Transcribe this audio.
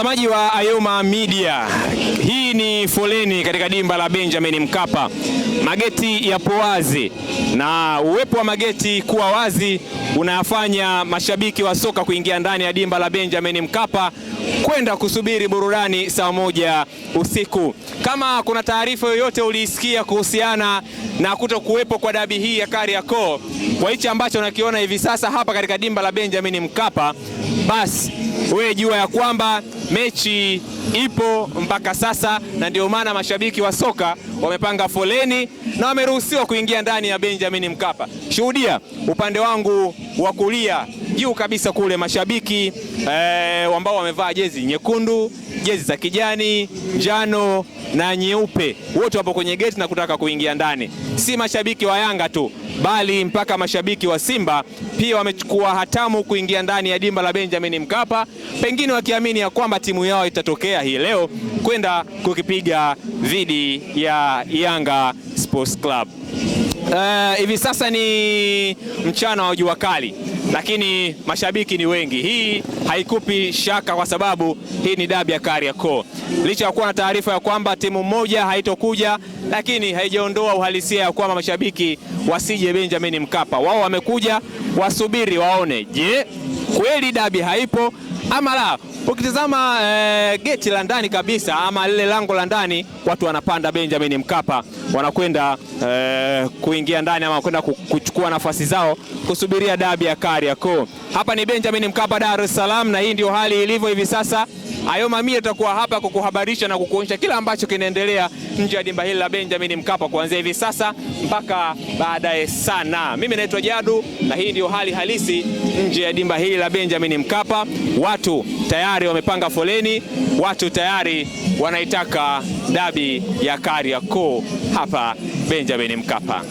Mtazamaji wa Ayoma Media, hii ni foleni katika dimba la Benjamin Mkapa. Mageti yapo wazi, na uwepo wa mageti kuwa wazi unayafanya mashabiki wa soka kuingia ndani ya dimba la Benjamin Mkapa kwenda kusubiri burudani saa moja usiku. Kama kuna taarifa yoyote uliisikia kuhusiana na kuto kuwepo kwa dabi hii ya Kariakoo, kwa hichi ambacho nakiona hivi sasa hapa katika dimba la Benjamin Mkapa basi wewe jua ya kwamba mechi ipo mpaka sasa, na ndio maana mashabiki wa soka wamepanga foleni na wameruhusiwa kuingia ndani ya Benjamin Mkapa. Shuhudia upande wangu wa kulia juu kabisa kule mashabiki eh, ambao wamevaa jezi nyekundu, jezi za kijani, njano na nyeupe, wote wapo kwenye geti na kutaka kuingia ndani. Si mashabiki wa Yanga tu, bali mpaka mashabiki wa Simba pia wamechukua hatamu kuingia ndani ya dimba la Benjamin Mkapa, pengine wakiamini ya kwamba timu yao itatokea hii leo kwenda kukipiga dhidi ya Yanga Sports Club. Uh, hivi sasa ni mchana wa jua kali lakini mashabiki ni wengi. Hii haikupi shaka kwa sababu hii ni dabi ya Kariakoo. Licha ya kuwa na taarifa ya kwamba timu moja haitokuja, lakini haijaondoa uhalisia ya kwamba mashabiki wasije Benjamin Mkapa. Wao wamekuja wasubiri waone, je, kweli dabi haipo ama la. Ukitizama e, geti la ndani kabisa ama lile lango la ndani, watu wanapanda Benjamin Mkapa wanakwenda e, kuingia ndani ama wanakwenda kuchukua nafasi zao kusubiria dabi ya Kariakoo. Hapa ni Benjamin Mkapa, Dar es Salaam, na hii ndio hali ilivyo hivi sasa. Ayo Mamia atakuwa hapa kukuhabarisha na kukuonyesha kila ambacho kinaendelea nje ya dimba hili la Benjamin Mkapa kuanzia hivi sasa mpaka baadaye sana. Mimi naitwa Jadu na hii ndio hali halisi nje ya dimba hili la Benjamin Mkapa. Watu tayari wamepanga foleni, watu tayari wanaitaka dabi ya Kariakoo hapa Benjamin Mkapa.